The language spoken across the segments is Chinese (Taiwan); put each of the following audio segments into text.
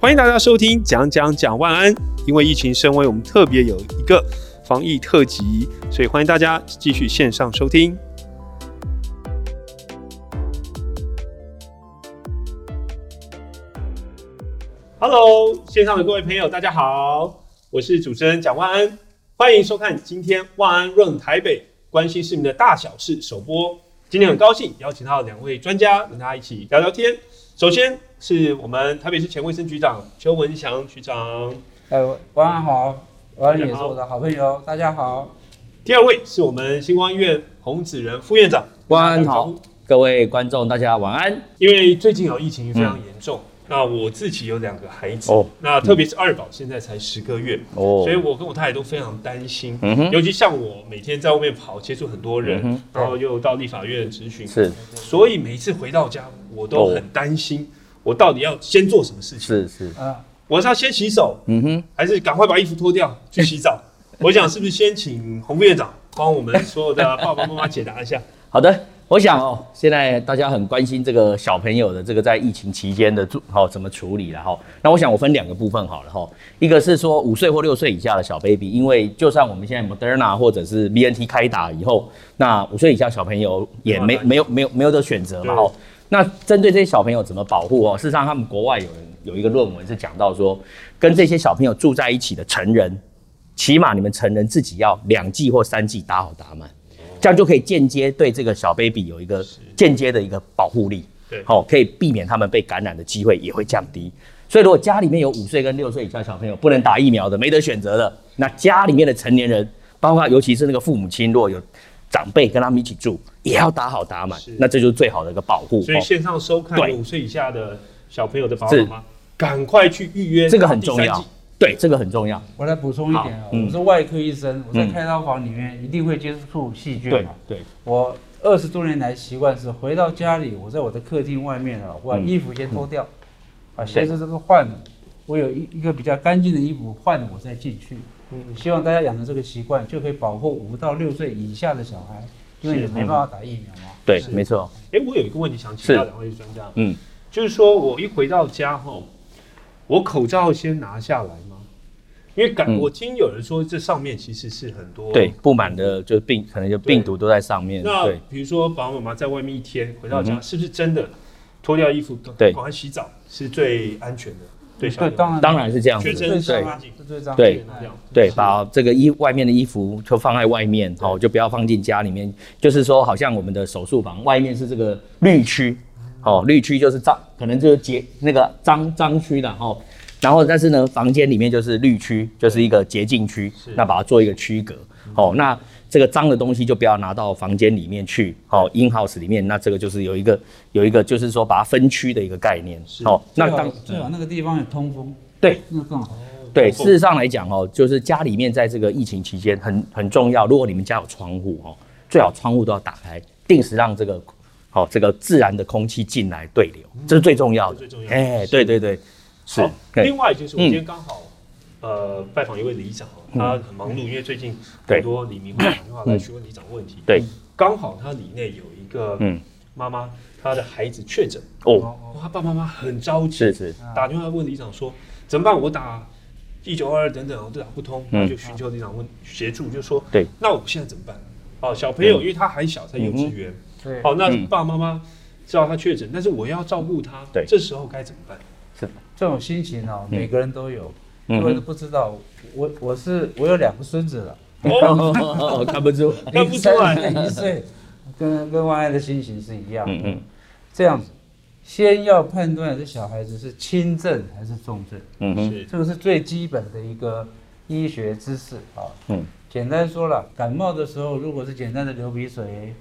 歡迎大家收聽講講講萬安，因為疫情升溫，我們特別有一個防疫特輯，所以歡迎大家繼續線上收聽。Hello，線上的各位朋友，大家好，我是主持人蔣萬安，歡迎收看今天萬安 RUN、um、台北關心市民的大小事首播。今天很高興邀請到兩位專家，跟大家一起聊聊天。首先是我們台北市前衛生局長邱文祥局長，哎，晚安好，晚上也是我的好朋友，大家好。第二位是我們新光醫院洪子仁副院長，晚安好，各位觀眾大家晚安。因為最近有疫情非常嚴重，那我自己有兩個孩子，那特別是二寶現在才十個月，哦，所以我跟我太太都非常擔心，尤其像我每天在外面跑，接觸很多人，然後又到立法院質詢，是，所以每一次回到家。我都很擔心，我到底要先做什麼事情？是是啊，我是要先洗手，嗯哼，還是趕快把衣服脫掉去洗澡？ 我想是不是先請洪副院長幫我們所有的爸爸媽媽解答一下？好的，我想哦，現在大家很關心這個小朋友的這個在疫情期間的處好、哦、怎麼處理了哈、哦。那我想我分兩個部分好了哈、哦，一個是說五歲或六歲以下的小 baby，因為就算我們現在 Moderna 或者是 BNT 開打以後，那五歲以下小朋友也沒沒有沒有沒有得選擇嘛哈。那針對這些小朋友怎麼保護哦？事實上，他們國外有人有一個論文是講到說，跟這些小朋友住在一起的成人，起碼你們成人自己要兩劑或三劑打好打滿，這樣就可以間接對這個小 baby 有一個間接的一個保護力。對，好，哦，可以避免他們被感染的機會也會降低。所以，如果家裡面有五歲跟六歲以下小朋友不能打疫苗的，沒得選擇的，那家裡面的成年人，包括尤其是那個父母親，如果有。長輩跟他們一起住，也要打好打滿，那這就是最好的一個保護。所以線上收看五歲以下的小朋友的寶寶嗎？趕快去預約，這個很重要。對，這個很重要。我來補充一點啊，我是外科醫生，我在開刀房裡面一定會接觸細菌嘛。對，我二十多年來習慣是回到家裡，我在我的客廳外面啊，我把衣服先脫掉，把鞋子這個換了，我有一一個比較乾淨的衣服換了，我再進去。希望大家養成這個習慣，就可以保護五到六歲以下的小孩，因為也沒辦法打疫苗啊。對，沒錯。哎，我有一個問題想請教兩位專家。嗯，就是說我一回到家後，我口罩先拿下來嗎？因為感，我聽有人說，這上面其實是很多對布滿的，就是病，可能就病毒都在上面。那比如說爸爸媽媽在外面一天回到家，是不是真的脫掉衣服、對，趕快洗澡是最安全的？嗯、對，當然，當然是這樣子。對，對，對，對，把這個衣外面的衣服就放在外面，對哦，就不要放進家裡面。就是說，好像我們的手術房外面是這個綠區，嗯、哦，綠區就是髒，可能就是潔那個髒髒區的，哦。然後，但是呢，房間裡面就是綠區，就是一個潔淨區，對那把它做一個區隔，是哦，那。這個髒的東西就不要拿到房間裡面去，好、哦、in house 裡面，那這個就是有一個有一個就是說把它分區的一個概念，好是、哦，那當然最好那個地方有通風，對，欸、那更好，對，風事實上來講哦，就是家裡面在這個疫情期間很很重要，如果你們家有窗戶哦，最好窗戶都要打開，定時讓這個好、哦、這個自然的空氣進來對流，嗯、這是最重要的，最重要的、欸、對對對，是，是是另外就是我今天剛好、嗯。呃，拜訪一位里長他很忙碌，因為最近很多里民會打電話來詢問里長問題。對，剛好他裡內有一個媽媽，他的孩子確診哦，他爸爸媽媽很着急，是，打電話問里長說怎麼辦？我打一九二二等等都打不通，就尋求里長問協助，就說對，那我們現在怎麼辦？哦，小朋友因為他還小，才幼稚園。對，哦，那爸爸媽媽知道他確診，但是我要照顧他，對，這時候該怎麼辦？是，這種心情哦，每個人都有。我不知道，我我是我有兩個孫子了，哦、 看不住、看不住、啊，一歲 跟跟萬萬的心情是一樣，嗯嗯，這樣子，先要判斷這小孩子是輕症還是重症，嗯是、嗯、這個是最基本的一個醫學知識啊，嗯，簡單說了，感冒的時候如果是簡單的流鼻水，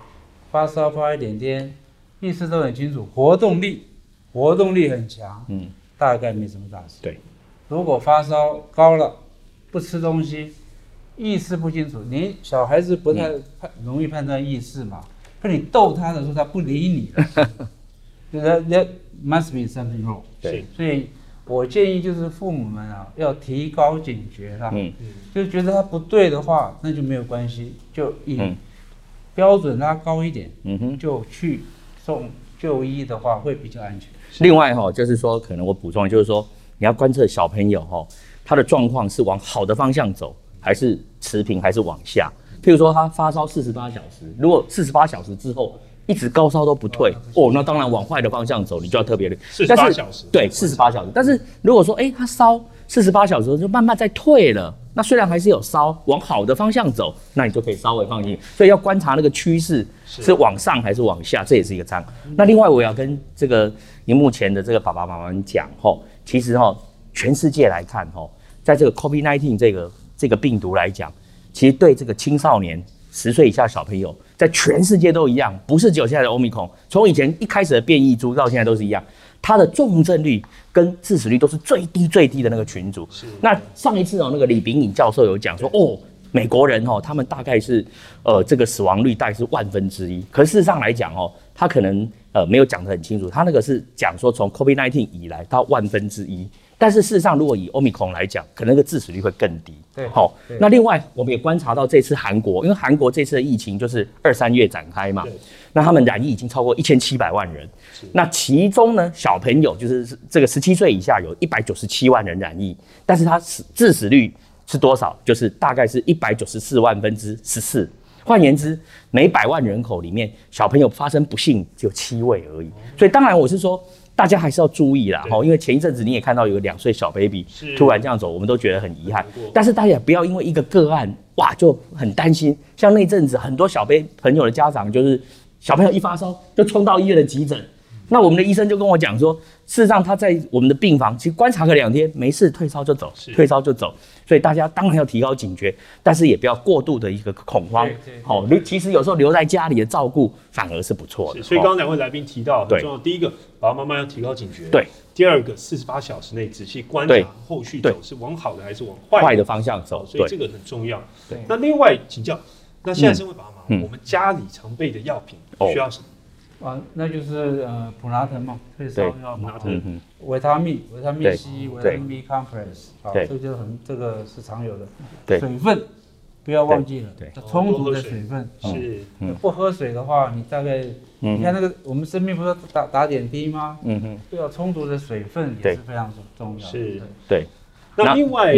發燒發一點點，意識都很清楚，活動力活動力很強，嗯，大概沒什麼大事，對。如果發燒高了，不吃東西，意識不清楚，連小孩子不太、嗯、容易判斷意識嘛。可你逗他的時候，他不理你了。 就是 that must be something wrong 對。對，所以我建議就是父母們啊，要提高警覺啦。嗯。就覺得他不對的話，那就沒有關係，就以標準拉、啊、高一點。嗯哼。就去送就醫的話，會比較安全。另外哈、哦，是的就是說，可能我補充，就是說。你要觀測小朋友吼，他的狀況是往好的方向走，還是持平，還是往下？譬如說他發燒四十八小時，如果四十八小時之後一直高燒都不退哦,哦，那當然往壞的方向走，你就要特別留意。四十八小時對，四十八小時。小時但是如果說哎、欸、他燒四十八小時就慢慢在退了，那雖然還是有燒，往好的方向走，那你就可以稍微放心。所以要觀察那個趨勢是往上還是往下，是這也是一個參考。嗯、那另外我要跟這個熒幕前的這個爸爸媽媽們講吼。其實哈、哦，全世界來看哈、哦，在這個 COVID-19 這個這個病毒來講，其實對這個青少年十歲以下的小朋友，在全世界都一樣，不是只有現在的 Omicron，從以前一開始的變異株到現在都是一樣，它的重症率跟致死率都是最低最低的那個群組。是。那上一次哦，那個李秉穎教授有講說，哦，美國人哦，他們大概是呃這個死亡率大概是萬分之一，可事實上來講哦。他可能呃沒有講得很清楚，他那個是講說從 COVID-19 以來到萬分之一，但是事實上如果以 Omicron 來講，可能那個致死率會更低。對，好，那另外我們也觀察到這次韓國，因為韓國這次的疫情就是二三月展開嘛，對那他們染疫已經超過一千七百萬人，是那其中呢，小朋友就是這個十七歲以下有一百九十七萬人染疫，但是他致死率是多少？就是大概是一百九十四萬分之十四。換言之，每百萬人口裡面，小朋友發生不幸只有七位而已。所以，當然我是說，大家還是要注意啦。哦對，因為前一陣子你也看到有個兩歲小 baby 是突然這樣走，我們都覺得很遺憾。但是大家不要因為一個個案哇就很擔心，像那陣子很多小 baby 朋友的家長，就是小朋友一發燒就衝到醫院的急診。那我們的醫生就跟我講說，事實上他在我們的病房，其實觀察個兩天，沒事退燒就走，退燒就走。所以大家當然要提高警覺，但是也不要過度的一個恐慌。好，你其實有時候留在家裡的照顧反而是不錯的。所以剛剛兩位來賓提到，很重要。第一個，爸爸媽媽要提高警覺。對。第二個，四十八小時內仔細觀察後續走是往好的還是往壞的方向走，所以這個很重要。對。那另外請教，那現在身為爸爸媽媽，我們家裡常備的藥品需要什麼？啊，那就是呃普拿疼嘛，退燒藥嘛，嗯，維他命，維他命 C，維他命 Complex 啊，這就很這個是常有的，水分不要忘記了，對，充足的水分是，不喝水的話，你大概，你看那個我們生命不是要打打點滴嗎？嗯哼，要充足的水分也是非常重要。的。是，對，那另外。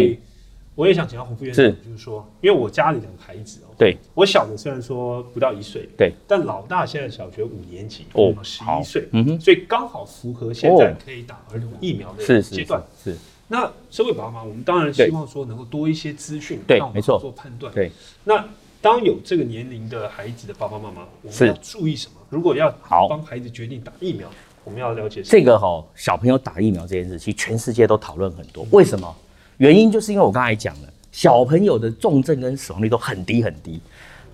我也想請教洪副院長，就是說，因為我家裡的孩子哦，對我小的雖然說不到一歲，對，但老大現在小學五年級哦，十一歲，嗯哼，所以剛好符合現在可以打兒童疫苗的階段。是，那身為爸爸媽媽，我們當然希望說能夠多一些資訊，對，沒錯，做判斷。對。那當有這個年齡的孩子的爸爸媽媽，我們要注意什麼？如果要幫孩子決定打疫苗，我們要了解這個哈，小朋友打疫苗這件事，其實全世界都討論很多，為什麼？原因就是因為我剛才講了，小朋友的重症跟死亡率都很低很低，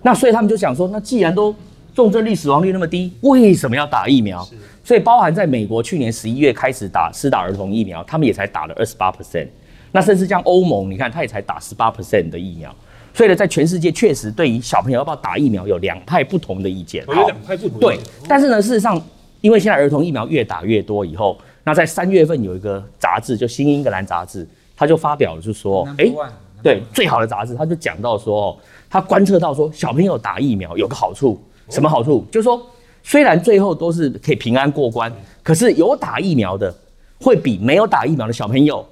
那所以他們就想說，那既然都重症率、死亡率那麼低，為什麼要打疫苗？所以包含在美國去年十一月開始打施打兒童疫苗，他們也才打了二十八 percent，那甚至像歐盟，你看他也才打十八 percent 的疫苗。所以呢，在全世界確實對於小朋友要不要打疫苗有兩派不同的意見。有兩派不同對，但是呢，事實上因為現在兒童疫苗越打越多以後，那在三月份有一個雜誌，就《新英格蘭雜誌》。他就發表了，就是說，哎 Number one,、欸，對，Number one. 最好的雜誌，他就講到說，他觀測到說，小朋友打疫苗有個好處，什麼好處？Oh. 就是說，雖然最後都是可以平安過關，oh. 可是有打疫苗的會比沒有打疫苗的小朋友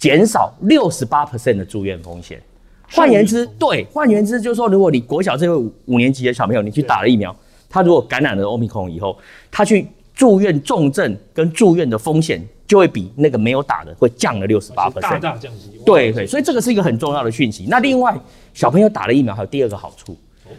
減少六十八%的住院風險。換言之，oh. 對，換言之就是說，如果你國小這位五年級的小朋友你去打了疫苗，oh. 他如果感染了奧密克戎以後，他去。住院重症跟住院的風險就會比那個沒有打的會降了68%，大降，對對，所以這個是一個很重要的訊息。那另外小朋友打了疫苗，還有第二個好處，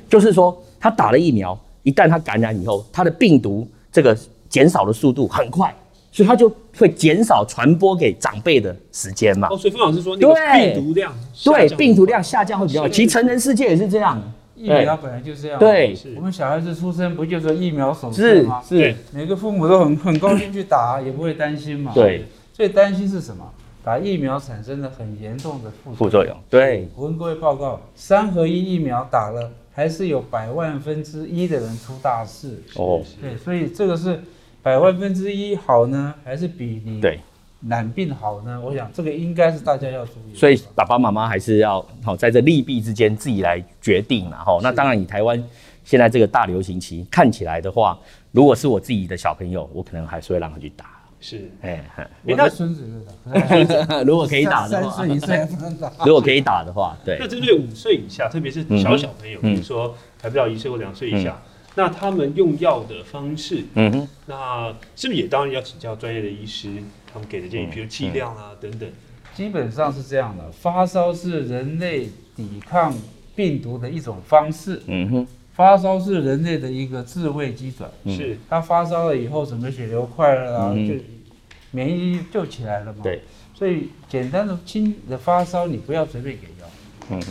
就是說他打了疫苗，一旦他感染以後，他的病毒這個減少的速度很快，所以他就會減少傳播給長輩的時間嘛。哦，所以范老師說，對病毒量，對病毒量下降會比較好。其實成人世界也是這樣。疫苗本來就是這樣，我們小孩子出生不就是疫苗首針嗎？是，是，每個父母都很很高興去打， 也不會擔心嘛。對，最擔心是什麼？打疫苗產生了很嚴重的副作、作用。對，我跟各位報告，三合一疫苗打了，還是有百萬分之一的人出大事。哦，對，所以這個是百萬分之一好呢，還是比你？對。難病好呢，我想這個應該是大家要注意。所以爸爸媽媽還是要好在這利弊之間自己來決定啦吼。是那當然，以台灣現在這個大流行期看起來的話，如果是我自己的小朋友，我可能還是會讓他去打。是，哎、欸，你的孫子打。欸、 如果可以打的話， 如果可以打的話，對。那針對五歲以下，特別是小小朋友，嗯嗯、比如說還不到一歲或兩歲以下。嗯嗯那他們用藥的方式，嗯哼，那是不是也當然要請教專業的醫師？他們給的建議，比、嗯、如劑量啊，對等等，基本上是這樣的。發燒是人類抵抗病毒的一種方式，嗯哼，發燒是人類的一個自衛機轉，嗯、是。他發燒了以後，整個血流快了，啊，嗯、就免疫力就起來了嘛。對，所以簡單的輕的發燒，你不要隨便給。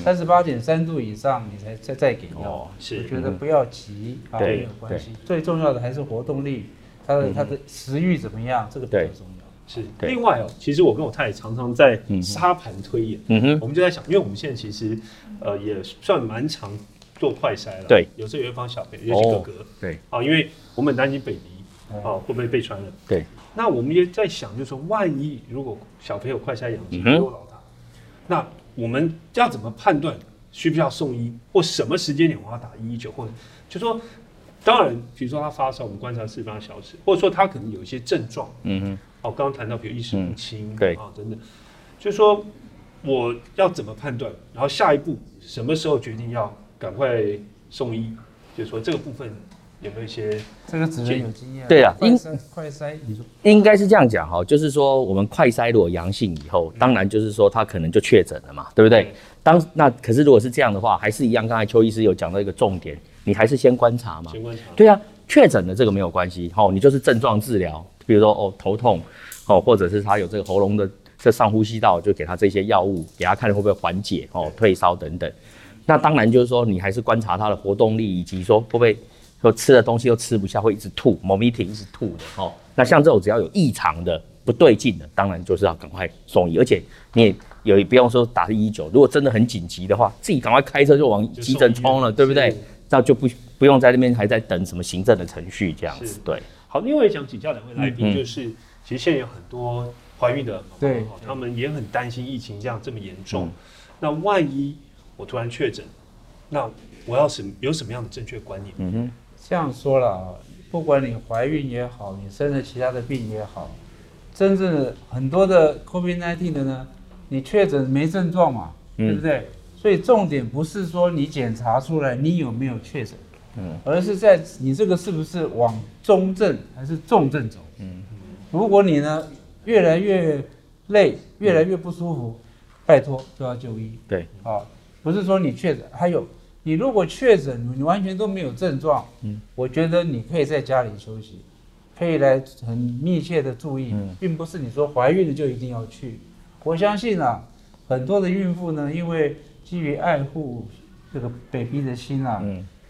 三十八點三度以上，你才再再給藥。是，我覺得不要急啊，沒有關係。最重要的還是活動力，他的他的食慾怎麼樣？這個比較重要。是。另外哦，其實我跟我太太常常在沙盤推演。嗯哼。我們就在想，因為我們現在其實，呃，也算蠻常做快篩了。對。有時候有一幫小朋友尤其哥哥。對。啊，因為我們很擔心北鼻，啊，會不會被傳染？對。那我們也在想，就是萬一如果小朋友快篩陽性，多了他，那。我們要怎麼判斷需不需要送醫，或什麼時間點我要打一一九，或者就是說，當然，比如說他發燒，我們觀察四十八小時，或者說他可能有一些症狀，嗯哼，哦，剛剛談到比如意識不清，嗯、對啊，等等，哦，就是說我要怎麼判斷，然後下一步什麼時候決定要趕快送醫，就是說這個部分。有沒有一些這個直覺有經驗？對啊，應因快篩篩你說應該是這樣講哈，就是說我們快篩如果陽性以後，嗯、當然就是說他可能就確診了嘛，嗯、對不對？當那可是如果是這樣的話，還是一樣，剛才邱醫師有講到一個重點，你還是先觀察嘛。先觀察。對啊，確診了這個沒有關係，哦，你就是症狀治療，比如說哦頭痛哦，或者是他有這個喉嚨的這上呼吸道，就給他這些藥物，給他看會不會緩解哦退燒等等。嗯、那當然就是說你還是觀察他的活動力以及說會不會。說吃的東西又吃不下，會一直吐，morning 一直吐的。那像這種只要有異常的不對勁的，當然就是要趕快送醫。而且你也有也不用說打一九，如果真的很緊急的話，自己趕快開車就往急診衝了，對不對？那就不不用在那邊還在等什麼行政的程序這樣子。對，好，另外也想請教兩位、嗯、來賓，就是其實現在有很多懷孕的媽、嗯哦、他們也很擔心疫情這樣這麼嚴重。嗯、那萬一我突然確診，那我要什有什麼樣的正確觀念？嗯哼。這樣說了啊，不管你懷孕也好，你生了其他的病也好，真正的很多的 COVID-19 的呢，你確診沒症狀嘛，嗯、對不對？所以重點不是說你檢查出來你有沒有確診，嗯，而是在你這個是不是往中症還是重症走？嗯，如果你呢越來越累，越來越不舒服，嗯、拜託就要就醫。對，好，不是說你確診還有。你如果確診，你完全都沒有症狀，嗯，我覺得你可以在家裡休息，可以來很密切的注意，嗯、並不是你說懷孕了就一定要去。我相信啊，很多的孕婦呢，因為基於愛護這個 baby 的心啊，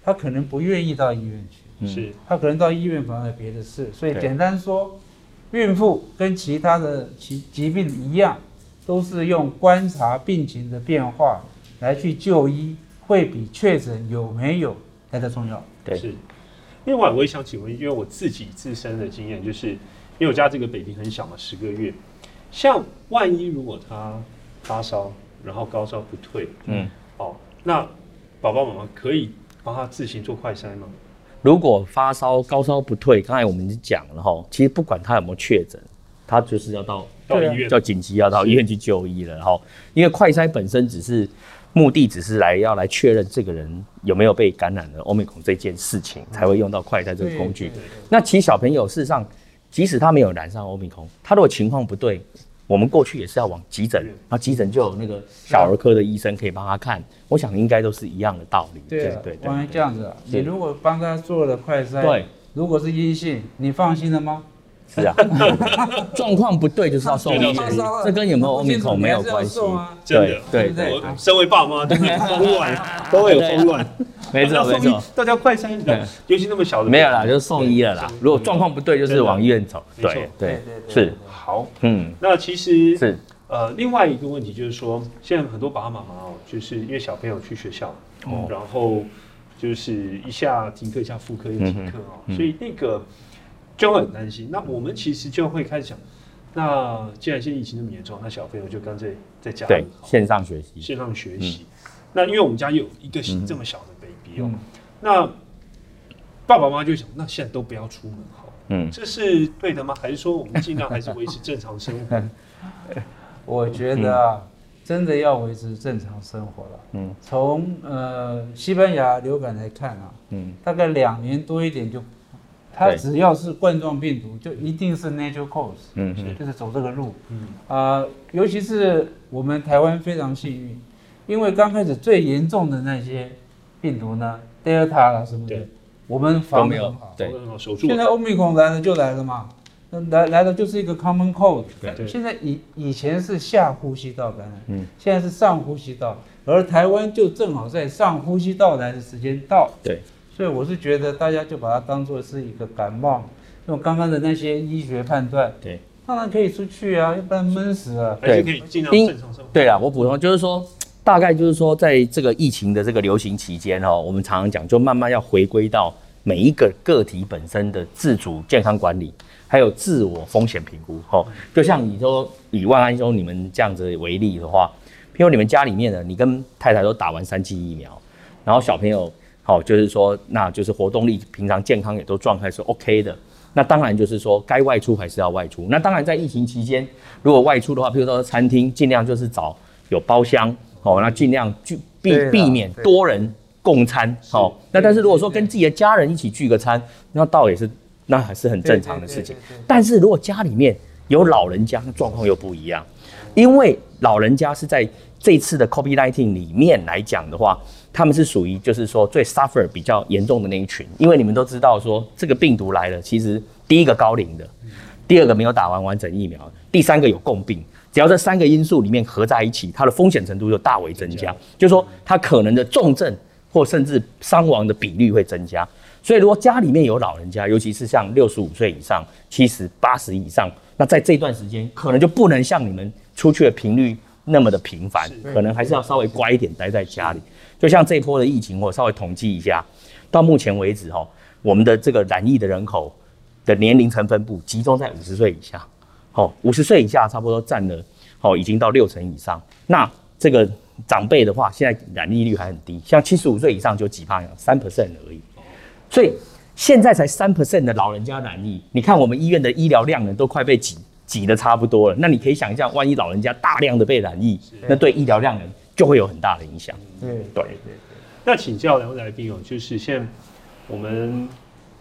她、嗯、可能不願意到醫院去，是、嗯，她、嗯、可能到醫院反而有別的事。所以簡單說，Okay. 孕婦跟其他的其疾病一樣，都是用觀察病情的變化來去就醫。會比確診有沒有來得重要？對，是，另外我也想請問，因為我自己自身的經驗就是，因為我家這個寶寶很小嘛，十個月，像萬一如果他發燒，然後高燒不退，嗯，哦，那爸爸媽媽可以幫他自行做快篩嗎？如果發燒高燒不退，剛才我們已經講了哈，其實不管他有沒有確診，他就是要到、啊、到醫院，要緊急要到醫院去就醫了哈是，因為快篩本身只是。目的只是來要來確認這個人有沒有被感染了歐米孔這件事情，才會用到快篩這個工具。對對對對。那其實小朋友事實上，即使他沒有染上歐米孔，他如果情況不對，我們過去也是要往急診，那急診就有那個小兒科的醫生可以幫他看。對。我想應該都是一樣的道理。對，對，對對，關於這樣子，啊，你如果幫他做了快篩，對，對。如果是陰性，你放心了嗎？嗯是啊，狀況不對就是要送醫，這跟有沒有 Omicron 沒有關係。真的，對對對，身為爸媽都會慌亂，都會有慌亂。沒錯沒錯，大家快一點，尤其那麼小的，沒有啦，就送醫了啦。如果狀況不對，就是往醫院走。對對對，是好。嗯，那其實是呃另外一個問題就是說，現在很多爸爸媽媽哦，就是因為小朋友去學校，然後就是一下停課，一下復課又停課哦，所以那個。就會很擔心。那我們其實就會開始想，那既然現在疫情那麼嚴重，那小朋友就乾脆在家裡線上學習。線上學習。那因為我們家有一個這麼小的 baby 哦，那爸爸媽媽就想，那現在都不要出門好。嗯，這是對的嗎？還是說我們盡量還是維持正常生活？我覺得啊，真的要維持正常生活了。嗯，從呃西班牙流感來看啊，嗯，大概兩年多一點就。對它只要是冠狀病毒，就一定是 natural cause，嗯，就是走這個路，是嗯，啊、呃，尤其是我們台灣非常幸運，因為剛開始最嚴重的那些病毒呢，Delta 啦，什麼的，我們防控很好，對，現在 Omicron 來了就來了嘛，來來了就是一個 common cold，對，對，現在以以前是下呼吸道感染，嗯，現在是上呼吸道，而台灣就正好在上呼吸道來的時間到，對。所以我是覺得大家就把它當做是一個感冒，用剛剛的那些醫學判斷，對，當然可以出去啊，要不然悶死了，而且可以盡量正常生活。對啊，我補充就是說，大概就是說，在這個疫情的這個流行期間哦、喔，我們常常講，就慢慢要回歸到每一個個體本身的自主健康管理，還有自我風險評估。哦、喔，就像你說以萬安兄你們這樣子為例的話，譬如你們家裡面呢，你跟太太都打完三劑疫苗，然後小朋友。好、哦，就是說，那就是活動力，平常健康也都狀態是 OK 的。那當然就是說，該外出還是要外出。那當然在疫情期間，如果外出的話，譬如說餐廳，盡量就是找有包廂。好、哦，那盡量避避免多人共餐。好、哦，那但是如果說跟自己的家人一起聚個餐，對對對對，那倒也是，那還是很正常的事情。對對對對對，但是如果家裡面有老人家，那狀況又不一樣，因為老人家是在這次的 COVID-19 裡面來講的話。他們是屬於就是說最 suffer 比較嚴重的那一群，因為你們都知道說這個病毒來了，其實第一個高齡的，第二個沒有打完完整疫苗，第三個有共病，只要這三個因素裡面合在一起，它的風險程度就大為增加，就是說它可能的重症或甚至傷亡的比率會增加。所以如果家裡面有老人家，尤其是像六十五歲以上、七十八十以上，那在這段時間可能就不能像你們出去的頻率那麼的頻繁，可能還是要稍微乖一點，待在家裡。就像這一波的疫情，我稍微統計一下，到目前為止我們的這個染疫的人口的年齡層分布集中在五十歲以下。好，五十歲以下差不多占了，好，已經到六成以上。那這個長輩的話，現在染疫率還很低，像七十五歲以上就幾趴了，三 percent 而已。所以現在才三 percent 的老人家染疫，你看我們醫院的醫療量能都快被擠擠得差不多了。那你可以想一下，萬一老人家大量的被染疫，那對醫療量能就會有很大的影響。嗯，對對對。那請教兩位來賓哦，就是現在我們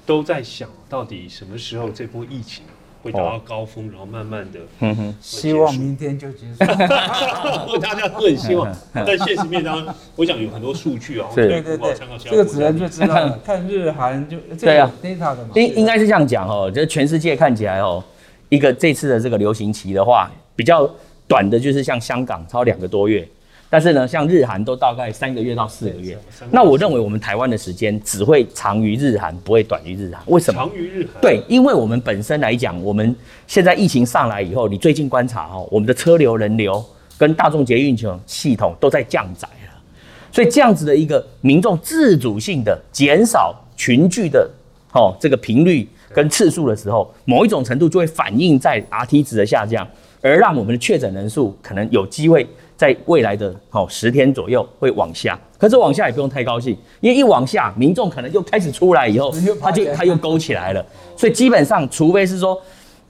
都在想到底什麼時候這波疫情會達到高峰，然後慢慢的，嗯哼，希望明天就結束。 大家都很希望， 但現實面當中， 我想有很多數據哦、喔，對對對，這個子仁就知道，看日韓就對啊，data 的嘛。啊、應應該是這樣講哦、喔，就全世界看起來哦、喔，一個這次的這個流行期的話，比較短的就是像香港超兩個多月。但是呢，像日韓都大概三個月到四個月，是啊，三個四個月。那我認為我們台灣的時間只會長於日韓，不會短於日韓。為什麼？長於日韓。對，因為我們本身來講，我們現在疫情上來以後，你最近觀察哦，我們的車流、人流跟大眾捷運系統都在降載了，所以這樣子的一個民眾自主性的減少群聚的哦，這個頻率跟次數的時候，某一種程度就會反映在 R T 值的下降，而讓我們的確診人數可能有機會。在未來的哦十天左右會往下，可是往下也不用太高興，因為一往下，民眾可能又開始出來，以後它就它又勾起來了。所以基本上，除非是說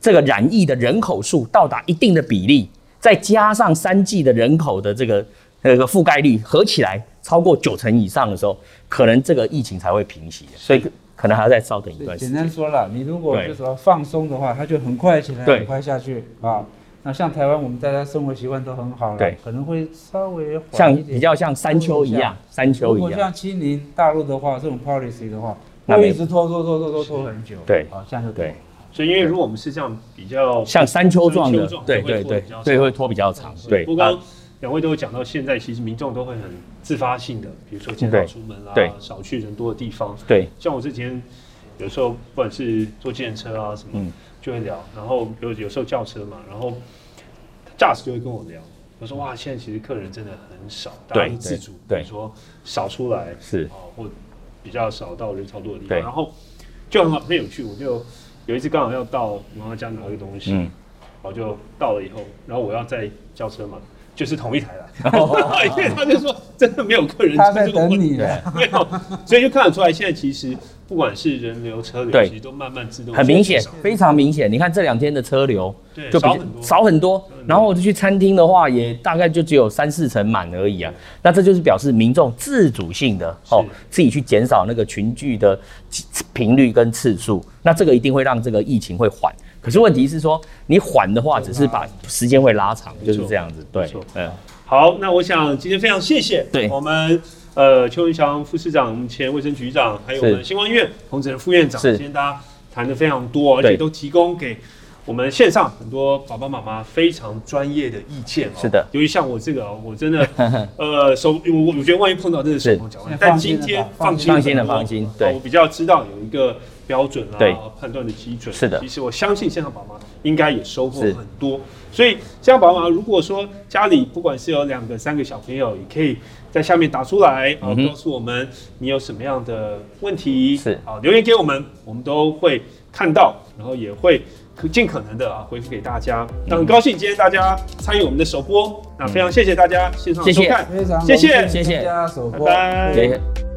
這個染疫的人口數到達一定的比例，再加上三劑的人口的這個那個覆蓋率合起來超過九成以上的時候，可能這個疫情才會平息。所以可能還要再稍等一段時間。簡單說了，你如果就說放鬆的話，它對就很快起來，很快下去對啊。那像台灣，我們大家生活習慣都很好了，可能會稍微像比較像山丘一樣，山丘一樣。如果像清零大陸的話，這種 policy 的話，他們一直拖拖拖拖拖很久。對，啊，這樣就對。所以，因為如果我們是這樣比較像山丘狀的，對對對，所以會拖比較長。對，我剛兩位都有講到現在，其實民眾都會很自發性的，比如說減少出門啦，少去人多的地方。對，像我之前有時候不管是坐電車啊什麼。就會聊，然後有有時候叫車嘛，然後駕駛就會跟我聊，我說哇，現在其實客人真的很少，大家是自主，對對對比如說少出來是哦，或比較少到人超多的地方，對然後就很很有趣。我就有一次剛好要到媽媽家拿一個東西，嗯、然我就到了以後，然後我要再叫車嘛，就是同一台了，因為 他就說真的沒有客人，他在等你，對沒有，所以就看得出來現在其實。不管是人流車流，其實都慢慢自動，很明顯，非常明顯。你看這兩天的車流對就比少很少很多，然後我就去餐廳的話，也大概就只有三四成滿而已啊。對那這就是表示民眾自主性的哦，喔、是自己去減少那個群聚的頻率跟次數。那這個一定會讓這個疫情會緩。可是問題是說，你緩的話，只是把時間會拉長，就是這樣子。對，嗯對，好，那我想今天非常謝謝對我們。呃，邱文祥副市長、前衛生局長，還有我們新光醫院洪子仁副院長，今天大家談的非常多，而且都提供給我們線上很多爸爸媽媽非常專業的意見啊。是的，由於像我這個，我真的，呃，手我我覺得萬一碰到真的是不好講。但今天放心的放心，放心的放心，對，我比較知道有一個標準啦，判斷的基準。是的，其實我相信線上寶媽應該也收穫很多。所以，線上寶媽如果說家裡不管是有兩個、三個小朋友，也可以。在下面打出來啊，告訴我們你有什麼樣的問題，是、嗯哼啊、留言給我們，我們都會看到，然後也會可盡可能的啊回復給大家。嗯、哼那很高興今天大家參與我們的首播，嗯、哼那非常謝謝大家線、嗯、哼上收看，謝謝謝謝謝謝，謝謝大家首播，拜拜。拜拜。